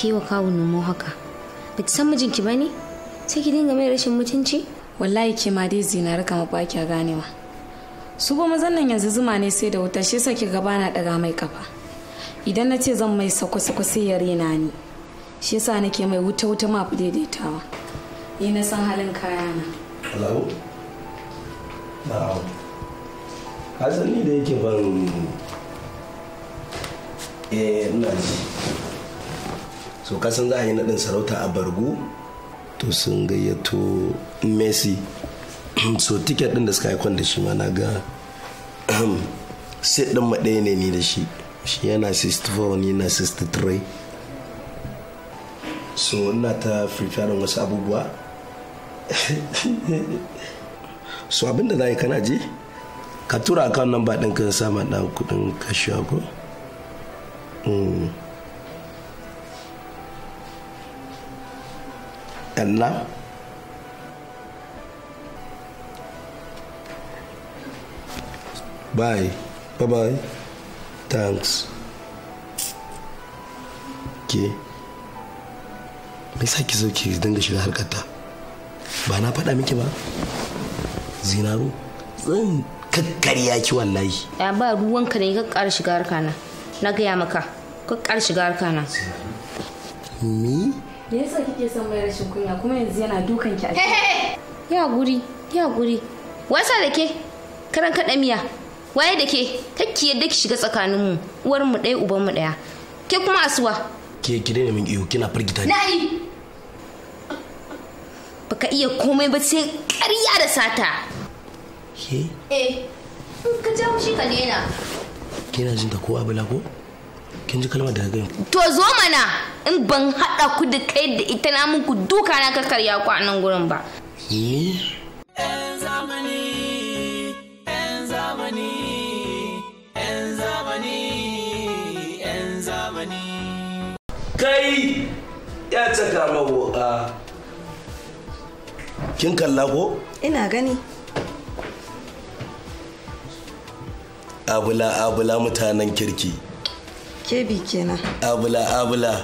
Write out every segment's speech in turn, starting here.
ke yi wa kawun numo haka ba ki san mijinki ba ne sai ki dinga mai rashin mutunci wallahi ke ma dai zinare kama ba kya ganewa su ba mazan nan yanzu zuma ne sai da wuta shi sa ki gaba na daga mai kafa idan na ce zan mai sako-sako sai ya rena ni shi yasa nake mai wuta-wuta ma fi daidaitawa ni na san halin kaya na alawo na hasani da yake ban eh ina ji so kasan za a yi naɗin sarauta a bargu to sun gayyato messi so tiket ɗin da suka haikon da shi ma na ga sai ɗin maɗaya ne ni da shi shi yana 64 wani yana 63 so ina ta firfiyarin wasu abubuwa so abinda za yi kana je ka tura akawun nan ba ɗin kan sama ɗan kuɗin kashewa ko mm. kalla bye bye bye thanks ke me sa ki so ki dinga shiga harkar ta ba na faɗa miki ba zinaru zan kakkarya ki wallahi ya ba ruwanka da ka ƙara shiga harkar na na gaya maka ƙara shiga harkar na me me yasa kike son mai rashin kunya kuma yanzu yana dukan ki a ya guri ya guri wasa da ke karan kaɗa miya waye da ke kakki yadda ki shiga tsakanin mu uwar mu dai uban mu daya ke kuma asuwa ke ki daina min iyo kina firgita ni na'i baka iya komai ba sai ƙarya da sata ke eh ka jawo shi ka daina kina jin ta ko abula ko kin ji kalmar da gani to zo mana in ban hada ku da kai da ita na muku duka na ya ku a nan gurin ba ni kai ya caka mawoka kin kalla ko ina gani abula abula mutanen kirki Kebi kenan. Abula abula.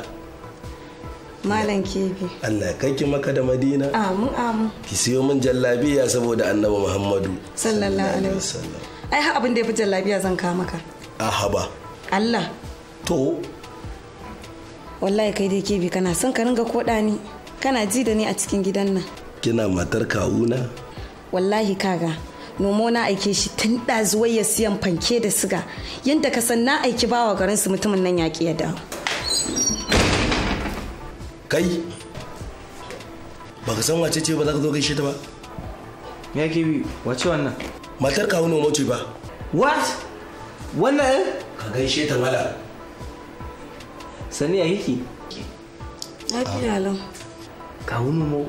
Malam Kebi. Allah kai maka da Madina. Amin amin. Ki siyo min jallabiya saboda Annabi Muhammadu. Sallallahu alaihi wasallam. Ai ha abin da ya fi jallabiya zan ka maka. ba Allah. To. Wallahi kai dai Kebi kana son ka ringa koda ni. Kana ji da ni a cikin gidan nan. Kina matar kawuna? Wallahi kaga. nomo na aike shi tun ɗazuwai ya siyan fanke da siga yadda ka san na aiki bawa garin su mutumin nan yaƙi ya dawo kai ba ka san wace ce ba za ka zo gaishe ta ba ya ke bi wace wannan matar kawo nomo ce ba what wannan eh? ka gaishe ta mala sani a yake lafiya lau kawo nomo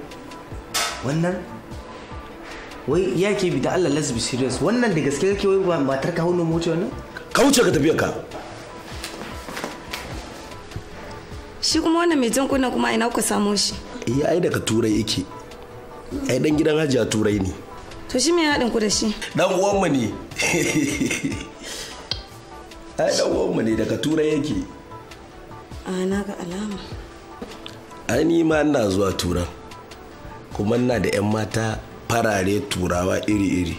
wannan wai ya ke bi da Allah let's be serious wannan da gaske kake wai ba matar ka hono mota wannan ka wuce ka tafiya ka shi kuma wannan mai jin kunna kuma ina ku samo shi eh ai daga turai yake ai dan gidan hajiya turai ne to shi me ya hadin ku da shi dan uwan mu ne ai dan uwan mu ne daga turai yake a na ga alama ai ni ma ina zuwa turan kuma ina da yan mata farare turawa iri-iri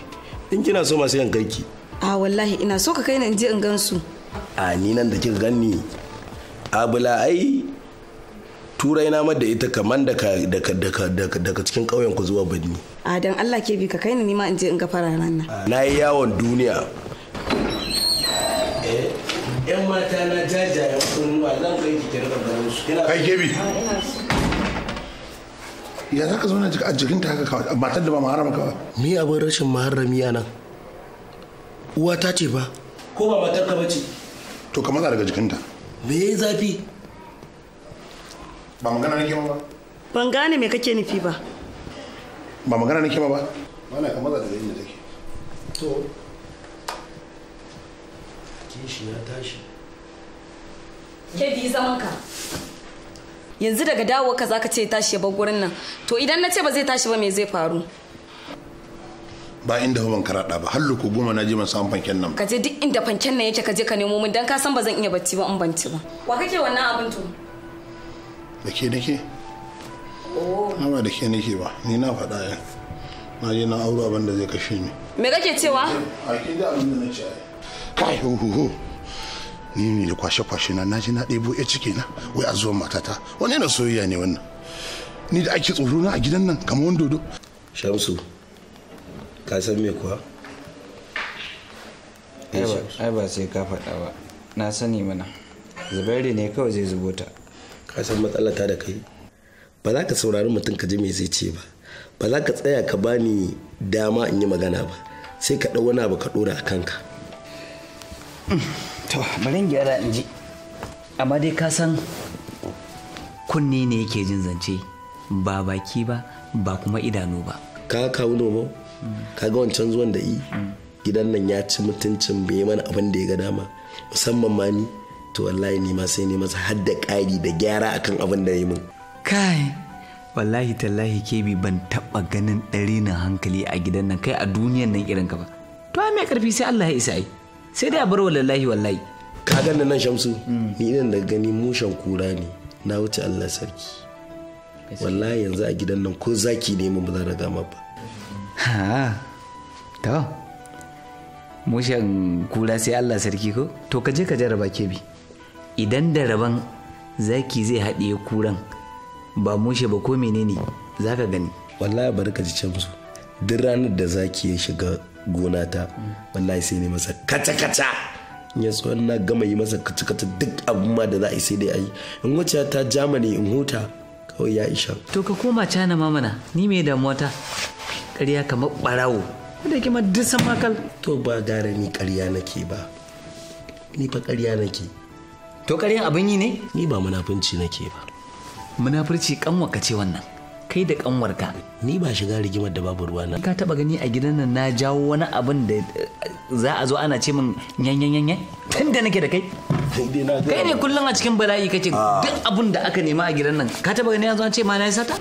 in kina so masu yan ki. a wallahi ina so ka kai na je in gansu a ni nan da kika ganni abula ai turai na da ita kaman daga cikin ƙauyen ku zuwa birni a dan Allah ke bi ka kai ni nima in je in ga fararen nan na yi yawon duniya yan eh, mata na jajayen kunnuwa zan kai ki kira da su kai ke bi ya za ka zauna a jikinta haka kawai matar da ba maharama kawai me abin rashin maharami a nan uwa ta ce ba ko ba matar ka bace to ka maza daga jikinta me yayi zafi ba magana nake ba ban gane me kake nufi ba ba magana nake ba ba mana ka maza daga inda take to kishi ya tashi ke bi zaman ka yanzu daga dawo ka zaka ce tashi ya bar gurin nan to idan na ce ba zai tashi ba me zai faru ba inda ban karaɗa ba har ko goma na je ban samu fanken nan ka je duk inda fanken nan yake ka je ka nemo min dan ka san ba zan iya bacci ba in banci ba wa kake wannan abin to da ke nake oh ba da ke nake ba ni na faɗa ya na je na auro abin da zai kashe ni me kake cewa a kin da abin da na ce kai ho ho ni ne da kwashe-kwashe na naji na ɗebo ya cike na wai a zuwan matata wani yana soyayya ne wannan ni da ake tsoro na a gidan nan kamar wani dodo shamsu ka san me kuwa eh, ai ba sai ka faɗa ba na sani mana zubairu ne kawai zai zubo ta ka san matsala ta da kai ba za ka saurari mutum ka ji me zai ce ba ba za ka tsaya ka bani dama in yi magana ba sai ka ɗau wani abu ka ɗora a kanka mm. to bari gyara in amma dai ka san kunne ne yake jin zance ba baki ba ba kuma idanu ba ka kawo nomo ka ga wancan zuwan da i gidan nan ya ci mutuncin bai mana abin da ya ga dama musamman ma ni to wallahi ni ma sai ne masa har da ƙari da gyara akan abin da ya min kai wallahi tallahi bi ban taɓa ganin ɗari na hankali a gidan nan kai a duniyan nan irin ka ba to me karfi sai Allah ya isa ai sai dai a bar wallahi wallahi ka ganna nan shamsu ni idan da gani mushen kura ne na wuce Allah sarki wallahi yanzu a gidan nan ko zaki ne mun ba za raga ma ba ha to mushen kura sai Allah sarki ko to ka je ka jarraba ke bi idan da raban zaki zai haɗiye kuran ba mushe ba ko menene za ka gani wallahi bari ka ji can duk ranar da zaki ya shiga gona ta wallahi sai ne masa kaca kaca ya so na gama yi masa kaca kaca duk abin ma da za a yi sai dai ayi in wuce ta jamani in huta kawai ya isha to ka koma cana mamana ni me da mota ƙarya kamar ɓarawo da kima dusan makal to ba gara ni ƙarya nake ba ni fa ƙarya nake to karya abin yi ne ni ba munafunci nake ba munafurci kanwa ka ce wannan kai da kanwarka ni ba shiga rigimar da babu ruwa na ka taba gani a gidan nan na jawo wani abin da eh, za a zo ana ce min yanyan tun da nake da kai kai ne kullum a cikin bala'i kake ah. duk abin da aka nema a gidan nan ka taba gani yanzu an ce ma na sata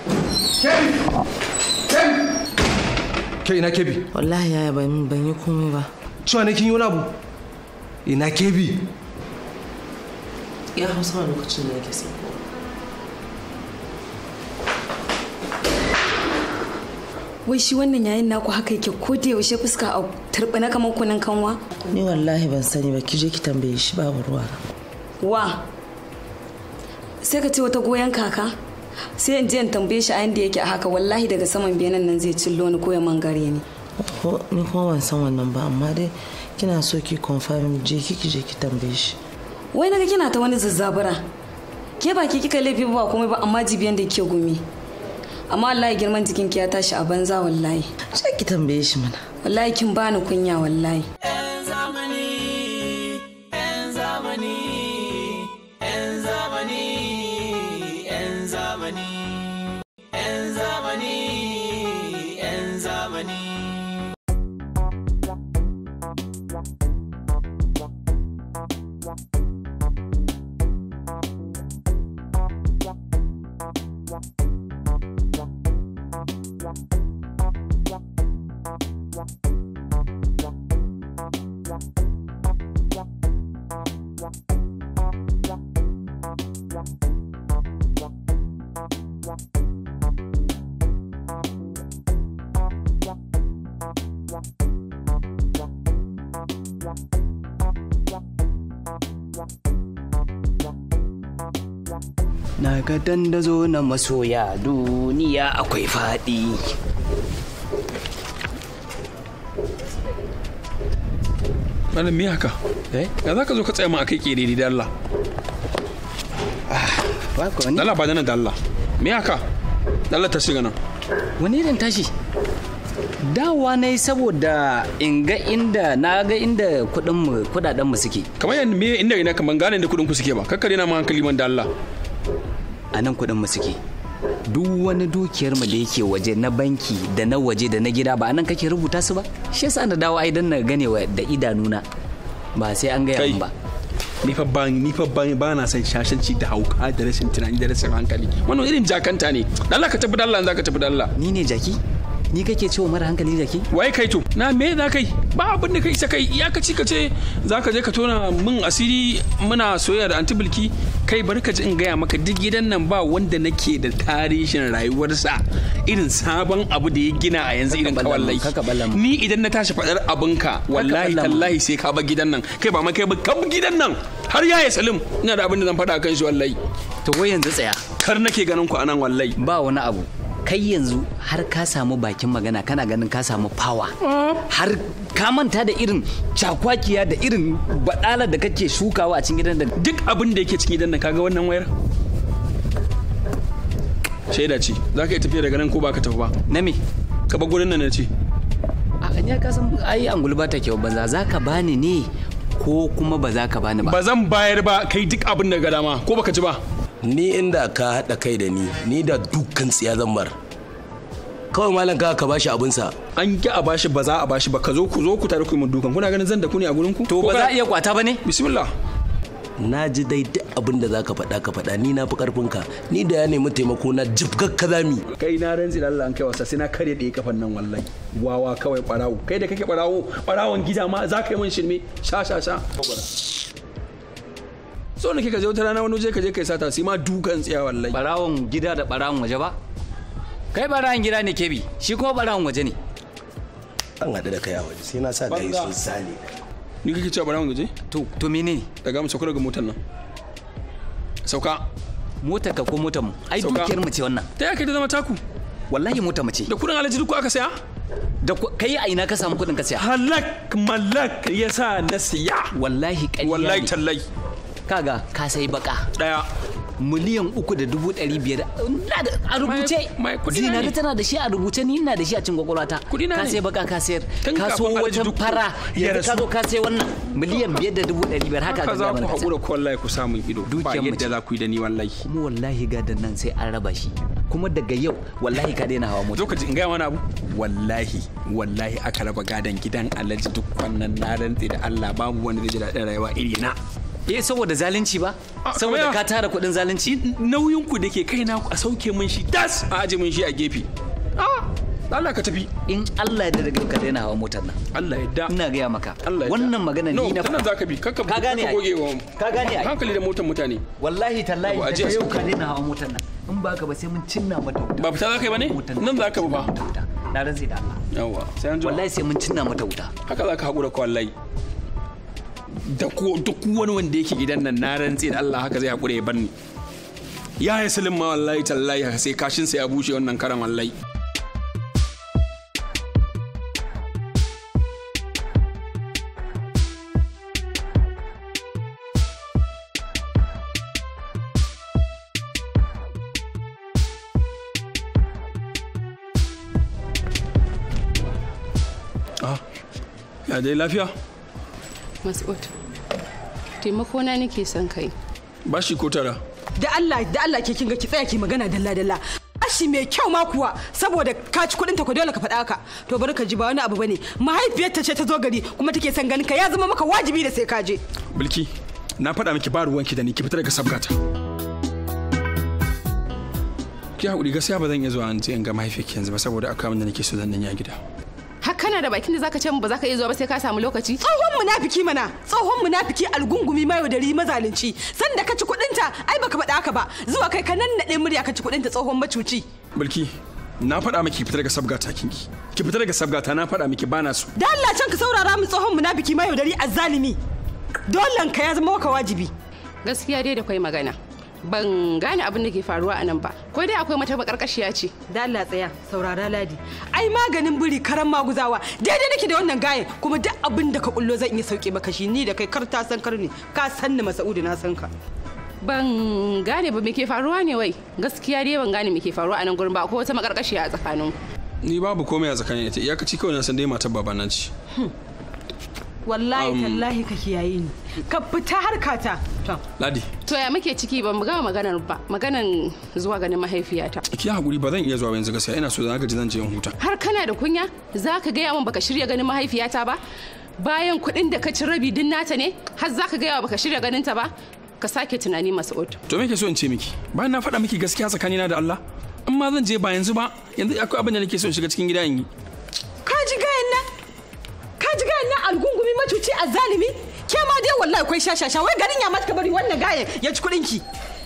kai ina kebi wallahi yaya ban ban yi komai ba cewa ne kin yi wani abu ina kebi ya hausa lokacin da yake sai wai shi wannan yayin naku haka yake ko da yaushe fuska a turbi na kamar kunan kanwa ni wallahi ban sani ba ki je ki tambaye shi babu ruwa wa sai ka ce wata goyon kaka sai in je in tambaye shi a yanda yake a haka wallahi daga saman benan nan zai cillo ni ko ya mangare ni ni kuma ban san wannan ba amma dai kina so ki confirm je ki ki je ki tambaye shi wai naga kina ta wani zazzabura ke baki kika laifi ba komai ba amma jibiyan da ke gumi amma wallahi girman jikin ki ya tashi a banza wallahi sai ki tambaye shi mana wallahi kin bani kunya wallahi ka dandazo na masoya duniya akwai faɗi malam me haka eh ya za ka zo ka tsaye ma kai kere da Allah ah, ba ko ni dala ba nan da Allah me haka Allah ta shiga nan wani irin tashi dawa ne saboda in ga inda na ga inda kuɗin mu kudaden mu suke kamar yadda me inda ina kaman gane da kuɗin ku suke ba kakkare na ma hankali man da Allah a nan kuɗin mu suke duk wani dukiyar mu da yake waje na banki da na waje da na gida ba a nan kake rubuta su ba shi yasa na dawo ai dan na ganewa da idanuna ba sai an gaya min ba ni fa ba ni fa ba ba na san shashanci da hauka da rashin tunani da rashin hankali wannan irin jakanta ne Allah ka tabbata da Allah zaka tabbata da Allah ni ne jaki ni kake cewa mara hankali ke wai kai to na me za kai ba abin da kai sa kai ya ka ci ka ce za ka je ka tona min asiri muna soyayya da antibilki kai bari ka ji in gaya maka duk gidan nan ba wanda nake da tarihin rayuwarsa irin sabon abu da ya gina a yanzu irin kawallai ni idan na tashi faɗar abinka wallahi tallahi sai ka bar gidan nan kai ba ma kai ba ka gidan nan har yaya salim ina da abin da zan fada kan shi wallahi to wai yanzu tsaya kar nake ganin ku anan wallahi ba wani abu kai yanzu har ka samu bakin magana kana ganin ka samu fawa har ka manta da irin cakwakiya da irin badala da kake shukawa a cikin gidan da duk abin da yake cikin gidan da kaga wannan wayar shaida ce za ka yi tafiya daga nan ko ba ka tafi ba na me ka bar gurin nan na ce a ya ka san ai angul ba ta kyau banza za ka bani ne ko kuma ba za ka bani ba ba zan bayar ba kai duk abin da ga dama ko baka ji ba ni inda ka haɗa kai da ni ni da dukkan tsiya zammar kawai malam ka ka bashi abinsa an ki a bashi ba za a bashi ba ka zo ku zo ku tare ku yi dukan kuna ganin zan da ku ne a gurin ku to ba za a iya kwata ba ne bismillah na ji dai duk abin da zaka faɗa ka faɗa ni na fi karfin ka ni da ya nemi taimako na jibgar ka zami kai na rantsi da Allah an kai wasa sai na kare da kafan nan wallahi wawa kawai barawo kai da kake barawo barawon gida ma zaka yi min shirme sha sha sha so ne ka je wata rana wani je ka je kai sata sai ma dukan tsiya wallahi barawon gida da barawon waje ba kai barawon gida ne kebi shi kuma barawon waje ne an haɗu da kai a waje sai na sa da sun sani ni kake cewa barawon waje to to menene daga mu sauka daga motar nan sauka motar ka ko motar mu ai dukiyar mu ce wannan ta yake da zama taku wallahi motar mu ce da kudin alaji duk aka saya da kai a ina ka samu kudin ka saya. halak malak yasa na siya wallahi kai ne wallahi tallahi kaga ka sai baka daya miliyan uku da dubu ɗari biyar a rubuce zinari tana da shi a rubuce ni ina da shi a cin kwakwalwata ka sai baka ka sayar ka so wata fara yanzu ka zo ka sai wannan miliyan biyar da dubu ɗari biyar haka za ku haƙura ko wallahi ku samun ido ba yadda za ku yi da ni wallahi kuma wallahi ga da nan sai an raba shi kuma daga yau wallahi ka daina hawa mota zo ka in gaya wani abu wallahi wallahi aka raba gadon gidan alhaji duk wannan na rantsi da Allah babu wani da ji daɗin rayuwa iri na eh saboda zalunci ba ah, saboda ka tara kuɗin zalunci nauyin ku dake kaina a sauke mun shi das a aje mun shi a gefe ah Allah ka tafi in Allah ya daga ka daina hawa motar nan Allah ya da ina gaya maka wannan magana ni na kana zaka bi kakka ka gane gogewa ka gane ai hankali da motar mutane wallahi tallahi da yau ka daina hawa motar nan in baka ba sai mun cinna mata wuta ba fita zaka yi bane nan zaka ba na rantsi da Allah yawa sai an wallahi sai mun cinna mata wuta haka zaka hakura ko wallahi da duk wani wanda yake gidan nan na rantse da Allah haka zai hakura ya banni ya yi silin ma wallahi tallahi sai kashin sa ya bushe wannan karan wallahi ah, ya dai lafiya? Mas'ud. Taimako na nake son kai. Bashi ko tara. Da Allah, da Allah ke kinga ki tsaya ki magana dalla dalla. Ashi mai kyau ma kuwa saboda ka ci kuɗin ta ko dole ka faɗa haka. To bari ka ji ba wani abu bane. Mahaifiyar ta ce ta zo gari kuma take son ganin ka ya zama maka wajibi da sai ka je. Bilki, na faɗa miki ba ruwanki da ni ki fita daga sabgata. Ki haƙuri gaskiya ba zan iya zuwa an je in ga ki yanzu ba saboda akwai abin da nake so zan yi a gida. kana da bakin da zaka ce mu ba zaka iya zuwa ba sai ka samu lokaci tsohon munafiki mana tsohon munafiki algungumi mayo dari mazalunci san da ka ci kudin ta ai baka faɗa haka ba zuwa kai ka nannade murya ka ci kudin ta tsohon macuci mulki na faɗa miki fitar daga sabgata kinki ki fitar daga sabgata na faɗa miki bana su. da Allah can ka saurara mu tsohon munafiki mayo dari azzalimi dolan ka ya zama maka wajibi gaskiya dai da kai magana ban gane abin da ke faruwa a nan ba ko dai akwai mata bakarkashiya ce da Allah tsaya saurara ladi ai maganin biri karan maguzawa daidai nake da wannan gayen kuma duk abin da ka kullo zan iya sauke maka shi ni da kai kar ta san karni ka san ni masaudi na san ka ban gane ba me ke faruwa ne wai gaskiya dai ban gane me ke faruwa a nan gurin ba ko wata makarkashiya a tsakanin ni babu komai a tsakanin ita iyakaci kawai na san dai matar babana ce hm. wallahi um, tallahi ka kiyaye ni ka fita harka ta. ladi to ya muke ciki ban gama maganar ba maganan zuwa ganin mahaifiyata ki hakuri ba zan iya zuwa yanzu gaskiya ina so da gaji zan je in huta har kana da kunya za ka ga yawan baka shirya ganin mahaifiyata ba bayan kuɗin da ka ci rabi din nata ne har za ka ga yawa baka shirya ganin ta ba ka sake tunani masu oto to me ke so in ce miki bayan na faɗa miki gaskiya tsakanina da Allah in ma zan je ba yanzu ba yanzu akwai abin da nake so in shiga cikin gida in yi ka ji gayan nan ka ji gayan nan algungumi macuci a zalimi ke ma dai wallahi kwai shashasha wai garin ya mata bari wannan gaye ya ci kudin ki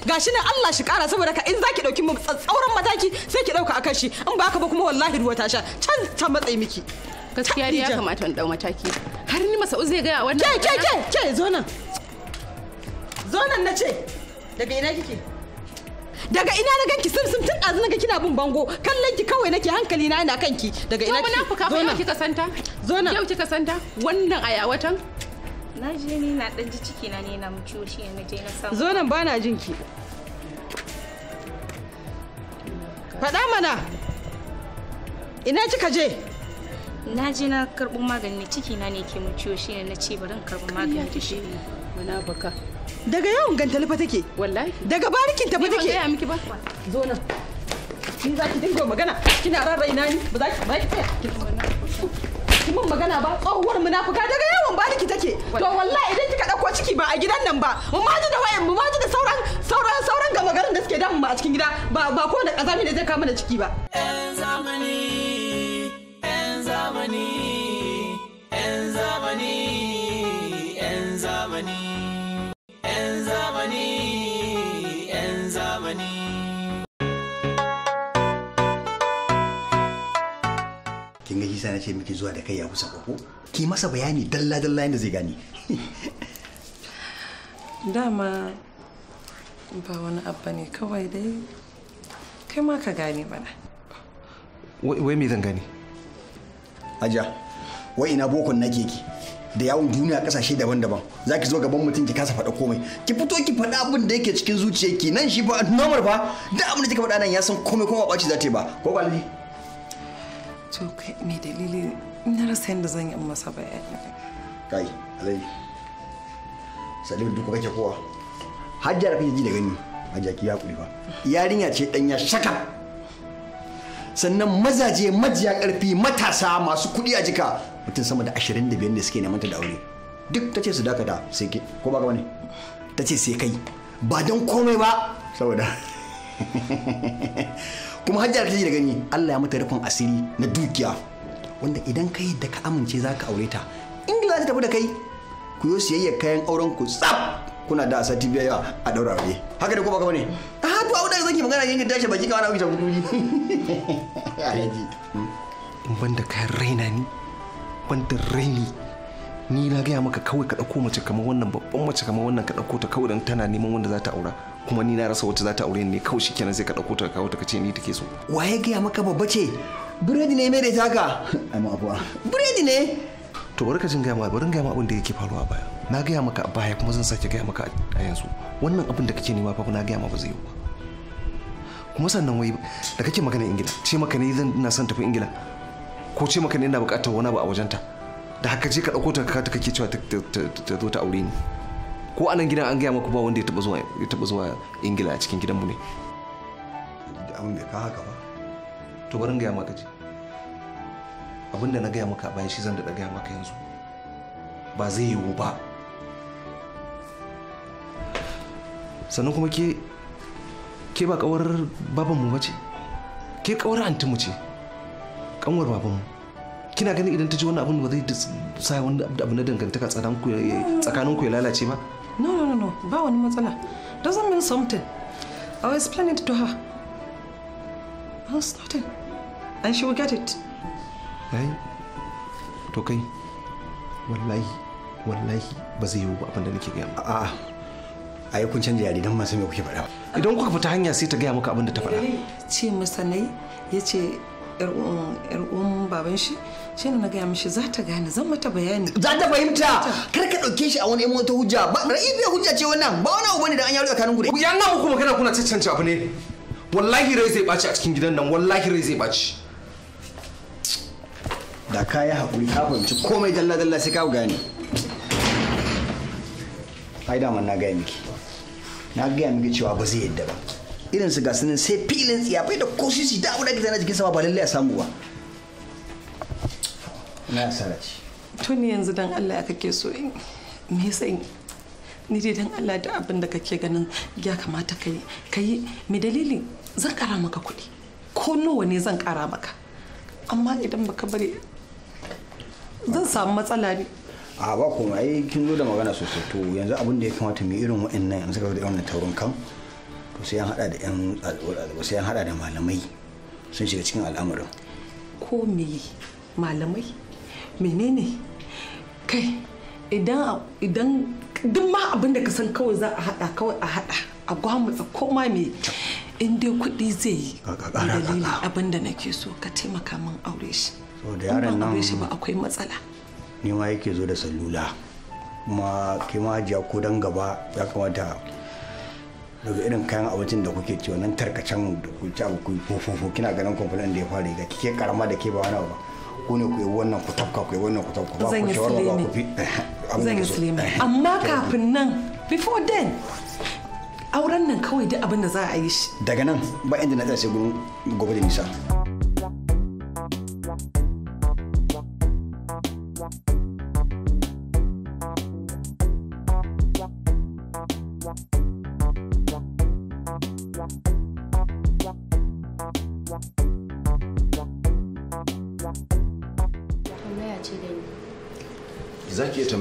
gashi nan Allah shi kara saboda ka in zaki dauki mu tsauran mataki sai ki dauka akan shi in ba haka ba kuma wallahi ruwa ta sha can ta matsayi miki gaskiya ne ya kamata in dau mataki har ni masa uzai ga wannan ke ke ke ke zo nan zo nan nace daga ina kike daga ina na ganki sim sim tun ɗazu naga kina bin bango kallon ki kawai nake hankali na ina kanki daga ina kike zo nan kika santa zo nan yau kika santa wannan ayawatan na je ni na dan ji ciki na ne na mu na je na samu zo nan bana jin ki faɗa mana ina kika je na je na karɓo magani ne ciki na ne ke mu shi ne na ce bari in karɓo magani da shi mana baka daga yawan gantali fa take wallahi daga barikin ta fa take ni ban miki ba zo nan ni za ki dinga magana kina rarraina ni ba za ki ba ki tsaya ki min magana ba tsohuwar munafuka daga yawan baliki take to wallahi idan kika dauko ciki ba a gidan nan ba mu ma ji da wayan mu ma da sauran sauran sauran gama garin da suke damu ba a cikin gida ba ba ko da kazami ne zai kama da ciki ba yan zamani zamani hadisa na ce muke zuwa da kai ya kusa ko ki masa bayani dalla dalla yadda zai gani dama ba wani abba ne kawai dai kai ma ka gane bana wai me zan gane aja wai ina bokon nake ki da yawon duniya kasashe daban-daban za ki zo gaban mutum ki kasa faɗa komai ki fito ki faɗa abin da yake cikin zuciyarki nan shi ba nomar ba da abin da kika faɗa nan ya san komai kuma ba ɓaci za ta yi ba ko ba to kai me dalili na rasa yadda zan yi masa bayani kai alai salim duk kake kowa hajjar kake ji da gani hajja ki kuri fa yarinya ce danya shaka sannan mazaje majiya karfi matasa masu kuɗi a jika mutum sama da 25 da suke neman ta da aure duk ta ce su dakata sai ke ko ba ka bane ta ce sai kai ba don komai ba saboda kuma hajjar ta da gani Allah ya mata rufin asiri na dukiya wanda idan ka da ka amince za ka aure ta ingila ta tafi da kai ku yi siyayyar kayan auren ku tsaf kuna da sati biya yawa a daura aure haka da kuma ka bane a hatu a wadanda zaki magana yankin tashi baki kawai na wuce guduji in banda kayan raina ni banda raini ni na gaya maka kawai ka ɗauko mace kamar wannan babban mace kamar wannan ka ɗauko ta kawai tana neman wanda za ta aura kuma ni na rasa wacce za ta aure ne kawai shi kenan sai ka ɗauko ta kawo ta kace ni take so waye gaya maka babba ce biredi ne mai da taka ai ma abuwa biredi ne to bari ka jin gaya ma bari gaya ma abin da yake faruwa baya na gaya maka a baya kuma zan sake gaya maka a yanzu wannan abin da kake nema fa na gaya ma ba zai yi ba kuma sannan wai da kake magana ingila ce maka ne zan ina son tafi ingila ko ce maka ne ina bukatar wani abu a wajenta da haka je ka dauko ta ta kake cewa ta zo ta aure ni ko anan gidan an gaya maku ba wanda ya taba zuwa ya taba zuwa ingila a cikin gidanmu ne da abin bai ka haka ba to barin gaya maka ji abinda na gaya maka bayan shi zan da gaya maka yanzu ba zai yiwu ba sannan kuma ke ke ba kawar babanmu mu bace ke kawar antinmu ce kanwar babanmu kina ganin idan ta ji wannan abin ba zai sa wani abu na dangantaka tsakaninku ya lalace ba No, no, no, no. Ba wani matsala. Doesn't mean something. will explain it to her. I'll start it. And she will get it. Hey. to kai, wallahi, wallahi ba zai yiwu ba abin da nake gaya ba. A'a, yi kun canja yare don ma san me kuke faɗa. Idan kuka fita hanya sai ta gaya maka abin da ta faɗa. Ce masa nai, ya ce yar uwan baban shi shine na gaya mishi za ta gane zan mata bayani za ta fahimta kar ka dauke shi a wani yan ta hujja ba ra'ibi hujja ce wannan ba wani abu bane da an yaro tsakanin gure yan nan kuma kana kuna cancanta abu ne wallahi rai zai baci a cikin gidan nan wallahi rai zai baci da ka yi haƙuri ka fahimci komai dalla-dalla sai ka gane ai daman na gaya miki na gaya miki cewa ba zai yadda ba irin su gasu nan sai filin tsiyafai da ko sisi da abu da ake jikin sama ba lallai a samu ba na asara ce tuni yanzu dan Allah ya kake so in me yasa in ni dai dan Allah da abin da kake ganin ya kamata kai kai me dalili zan kara maka kuɗi ko nawa ne zan kara maka amma idan baka bari zan samu matsala ne a ba kuma ai kin zo da magana sosai to yanzu abin da ya kamata mu irin wa'annan yanzu ga da wannan taurin kan sai an hada da yan ɗalibai sai an hada da malamai sun shiga cikin al'amarin ko me malamai menene kai idan idan duk ma abin da ka san kawai za a hada kawai a hada a gwamutsa ko ma me in dai kuɗi zai yi dalili abin da nake so ka taimaka min aure shi da yaran nan aure shi ba akwai matsala ni ma yake zo da sallula kuma kima hajiya ko dan gaba ya kamata daga irin kayan abincin da kuke ci wannan tarkacen da ku ci abu ku fofo kina ganin kwamfanin da ya fara ga kike karama da ke ba wani ba ku ne ku yi wannan ku tafka ku yi wannan ku tafka ba ku shawara ba ku fi zan yi sulemi amma kafin nan before then auren nan kawai duk abin da za a yi shi daga nan ba inda na tsaye sai gurin gobe da nisa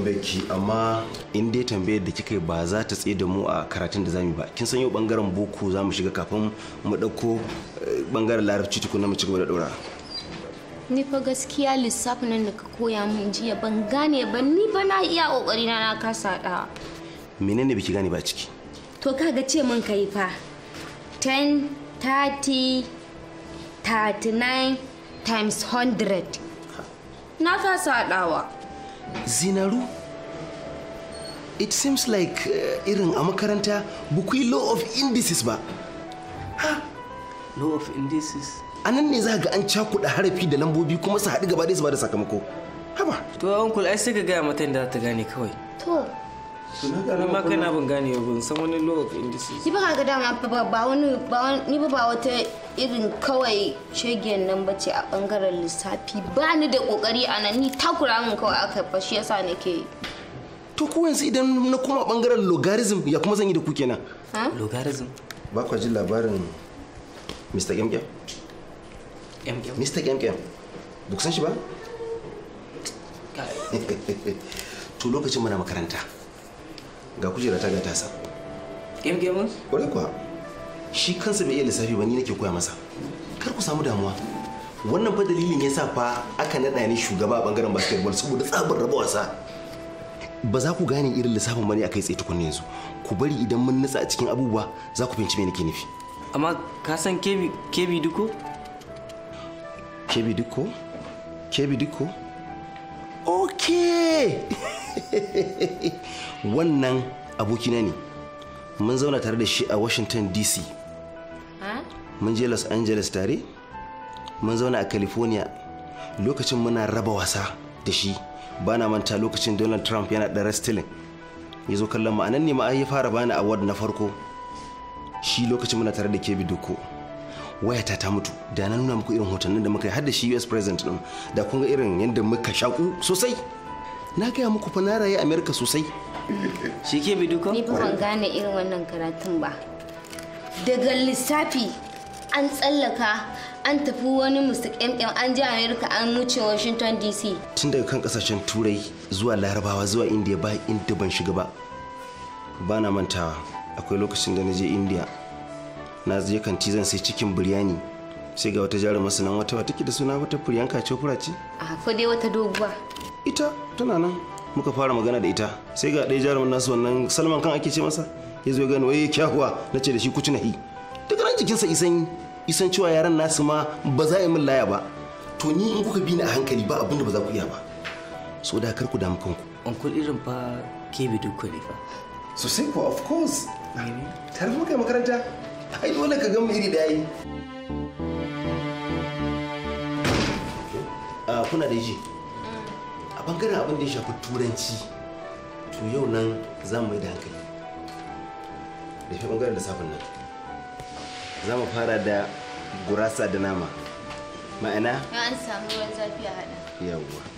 tambayarki amma in dai tambayar da kika ba za ta tsaye da mu a karatun da zamu ba kin san yau bangaren boko za mu shiga kafin mu ɗauko bangaren eh, larabci tukuna mu ci gaba da ɗora ni fa gaskiya lissafin nan da ka koya min jiya ban gane ba ni ba na iya kokari na na kasa da menene biki gane ba ciki to kaga ce min kai fa 10 30 39 times 100 na fasa dawa zinaru it seems like eh, irin a makaranta buku law of indices ba ha law of indices a nan ne za ga an cakuɗa harafi da lambobi kuma su haɗu gaba ɗaya su ba da sakamako haba to uncle ai sai ka gaya mata da za ta gane kawai to ni ma na. ban gane ban san wani law of indices ni ba ka ga dama ba wani ba ni ba wata irin kawai shegen nan bace a bangaren lissafi ba ni da kokari a nan ni takura min kawai aka fa shi yasa nake to ku yanzu idan na koma bangaren logarithm ya kuma zan yi da ku kenan logarithm ba kwa ji labarin Mr. Gemgem? Gemgem. Mr. Gemgem. Buk san shi ba? To lokacin muna makaranta. ga kujera ta ga game game kore kuwa shi kansa bai iya lissafi ba ni nake koya masa kar ku samu damuwa wannan fa dalilin yasa fa aka naɗa ni shugaba a bangaren basketball saboda tsabar raba wasa ba za ku gane irin lissafin bane akai tsaye tukunna yanzu ku bari idan mun nutsa a cikin abubuwa za ku fahimci me nake nufi amma ka san kebi kebi duko kebi duko kebi duko ok wannan abokina ne mun zauna tare da shi a washington dc mun je los angeles tare mun zauna a california lokacin muna raba wasa da shi bana manta lokacin donald trump yana da wrestling ya zo kallon ma'anan ne ma fara bani award na farko shi lokacin muna tare da kebi doko wayata ta mutu da na nuna muku irin hotonnin da muka yi har da shi US president din da kun ga irin yadda muka shaku sosai na gaya muku fa na raye America sosai shi ke bi duka ni ban gane irin wannan karatun ba daga lissafi an tsallaka an tafi wani mustaƙemƙem an je America an wuce Washington DC tun daga kan kasashen turai zuwa larabawa zuwa india ba inda ban shiga ba na mantawa akwai lokacin da na je india. na je kanci zan sai cikin biryani sai ga wata jarumar nan wata wata ke da suna wata furyanka ce fura ce a ko dai wata doguwa ita tana nan muka fara magana da ita sai ga ɗaya jarumin nasu wannan salman kan ake ce masa ya zo gani waye kyahuwa na ce da shi kuci nahi daga nan jikinsa isan isan cewa yaran nasu ma ba za a yi min laya ba to ni in kuka bi ni a hankali ba abin da ba za ku iya ba so da kar ku damu kanku an kun irin fa ke bi duk ne fa sosai ko of course tare muka yi makaranta ai dole ka gama iri da yi ah, kuna da ji mm. a bangaren abin da ya shafi turanci to yau nan za mu mai da hankali da shi bangaren da safin nan za mu fara da gurasa da nama ma'ana an samu ruwan zafi a hada yawwa